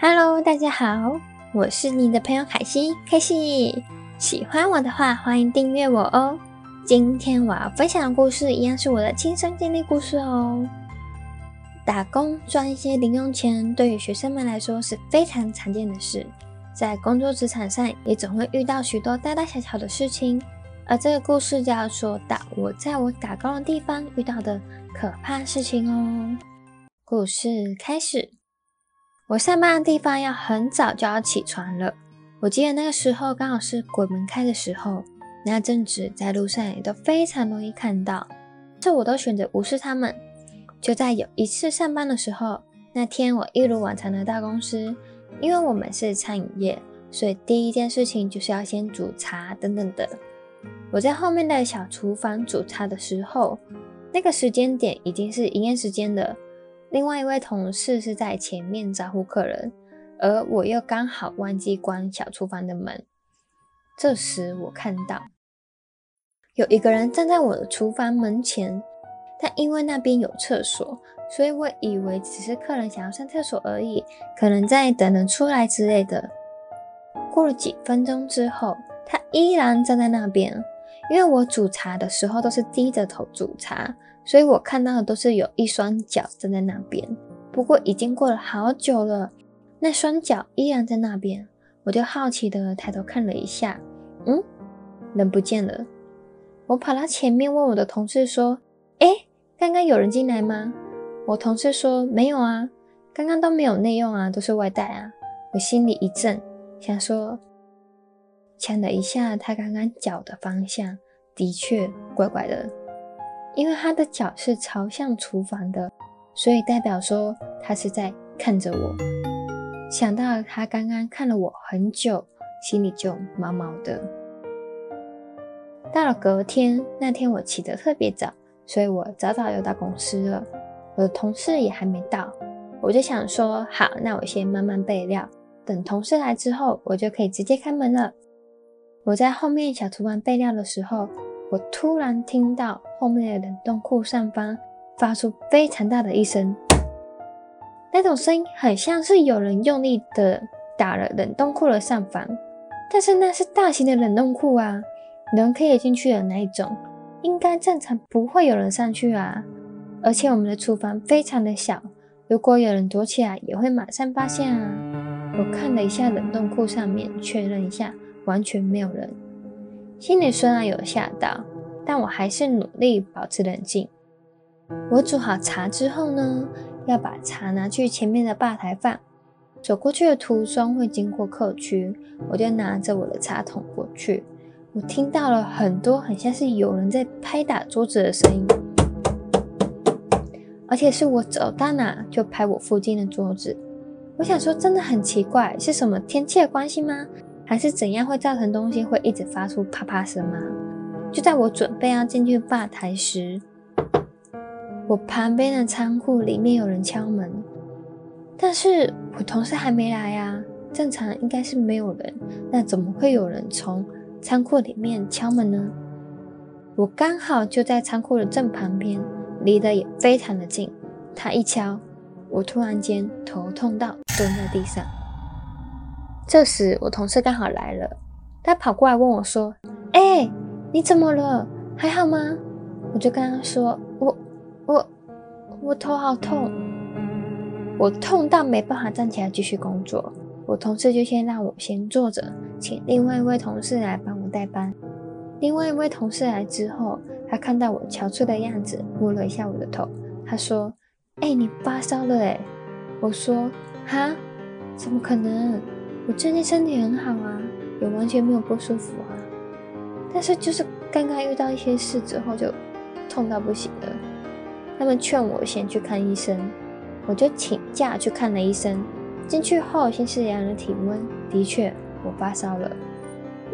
哈嘍，Hello，大家好，我是你的朋友凱西。凱西，喜歡我的話，歡迎訂閱我哦。今天我要分享的故事，一樣是我的親身經歷故事哦。打工賺一些零用錢，對於學生們來說是非常常見的事。在工作職場上，也總會遇到許多大大小小的事情。而這個故事就要說到我在我打工的地方遇到的可怕事情哦。故事開始。我上班的地方要很早就要起床了。我記得那個時候剛好是鬼門開的時候，那陣子在路上也都非常容易看到。這我都選擇無視他們。就在有一次上班的時候，那天我一如往常的到公司，因為我們是餐飲業，所以第一件事情就是要先煮茶等等的。我在後面的小廚房煮茶的時候，那個時間點已經是營業時間的。另外一位同事是在前面招呼客人，而我又剛好忘記關小廚房的門。這時我看到有一個人站在我的廚房門前，但因為那邊有廁所，所以我以為只是客人想要上廁所而已，可能在等人出來之類的。過了幾分鐘之後，他依然站在那邊，因為我煮茶的時候都是低着頭煮茶。所以我看到的都是有一雙腳站在那邊，不過已經過了好久了，那雙腳依然在那邊。我就好奇的抬頭看了一下，嗯，人不見了。我跑到前面問我的同事說：“哎、欸，剛剛有人進來嗎？”我同事說：“沒有啊，剛剛都沒有內用啊，都是外帶啊。”我心裡一震，想說，瞧了一下他剛剛腳的方向，的確怪怪的。因為他的腳是朝向廚房的，所以代表說他是在看着我。想到他剛剛看了我很久，心裡就毛毛的。到了隔天，那天我起得特別早，所以我早早又到公司了。我的同事也還沒到，我就想說好，那我先慢慢備料，等同事來之後，我就可以直接開門了。我在後面小廚房備料的時候。我突然聽到後面的冷凍庫上方發出非常大的一聲，那種聲音很像是有人用力的打了冷凍庫的上方。但是那是大型的冷凍庫啊，人可以進去的那一種，應該正常不會有人上去啊。而且我們的廚房非常的小，如果有人躲起來也會馬上發現啊。我看了一下冷凍庫上面，確認一下，完全沒有人。心裡雖然有嚇到，但我還是努力保持冷靜。我煮好茶之後呢，要把茶拿去前面的吧台放。走過去的途中會經過客區，我就拿着我的茶桶過去。我聽到了很多很像是有人在拍打桌子的聲音，而且是我走到哪就拍我附近的桌子。我想說真的很奇怪，是什麼天氣的關係嗎？還是怎樣會造成東西會一直發出啪啪聲嗎？就在我準備要進去吧台時，我旁邊的倉庫裡面有人敲門，但是我同事還沒來啊，正常應該是沒有人，那怎麼會有人從倉庫裡面敲門呢？我剛好就在倉庫的正旁邊，離得也非常的近，他一敲，我突然間頭痛到蹲在地上。這時，我同事剛好來了，他跑過來問我說：“欸，你怎麼了？還好嗎？”我就跟他說：“我，我，我頭好痛，我痛到沒辦法站起來繼續工作。”我同事就先讓我先坐着，請另外一位同事來幫我代班。另外一位同事來之後，他看到我憔悴的樣子，摸了一下我的頭，他說：“欸，你發燒了欸？”我說：“哈，怎麼可能？”我最近身體很好啊，也完全沒有不舒服啊，但是就是剛剛遇到一些事之後就痛到不行了。他們勸我先去看醫生，我就請假去看了醫生。進去後先是量了體溫，的確我發燒了。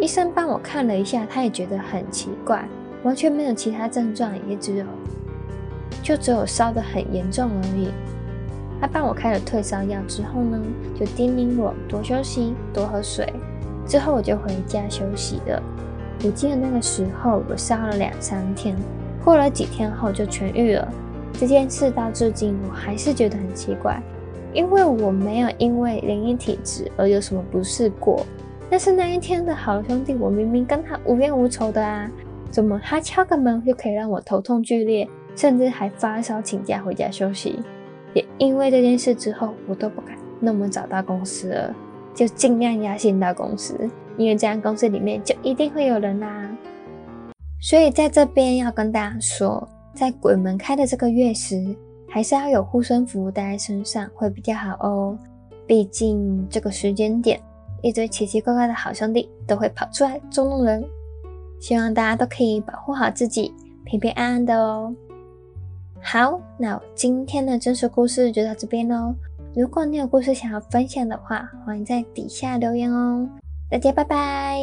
醫生幫我看了一下，他也覺得很奇怪，完全沒有其他症狀，也只有，就只有燒得很嚴重而已。他幫我開了退燒藥之後呢，就叮嚀我多休息、多喝水。之後我就回家休息了。我記得那個時候我燒了兩三天，過了幾天後就痊癒了。這件事到至今我還是覺得很奇怪，因為我沒有因為靈異體質而有什麼不適過。但是那一天的好兄弟，我明明跟他無冤無仇的啊，怎麼他敲個門就可以讓我頭痛劇烈，甚至還發燒請假回家休息？也因為這件事之後，我都不敢那麼早到公司了，就盡量壓線到公司，因為這樣公司裡面就一定會有人啦。所以在這邊要跟大家說，在鬼門開的這個月時，還是要有護身符帶在身上會比較好哦。畢竟這個時間點，一堆奇奇怪怪的好兄弟都會跑出來捉弄人，希望大家都可以保護好自己，平平安安的哦。好，那今天的真實故事就到這邊嘍。如果你有故事想要分享的話，歡迎在底下留言哦。大家拜拜。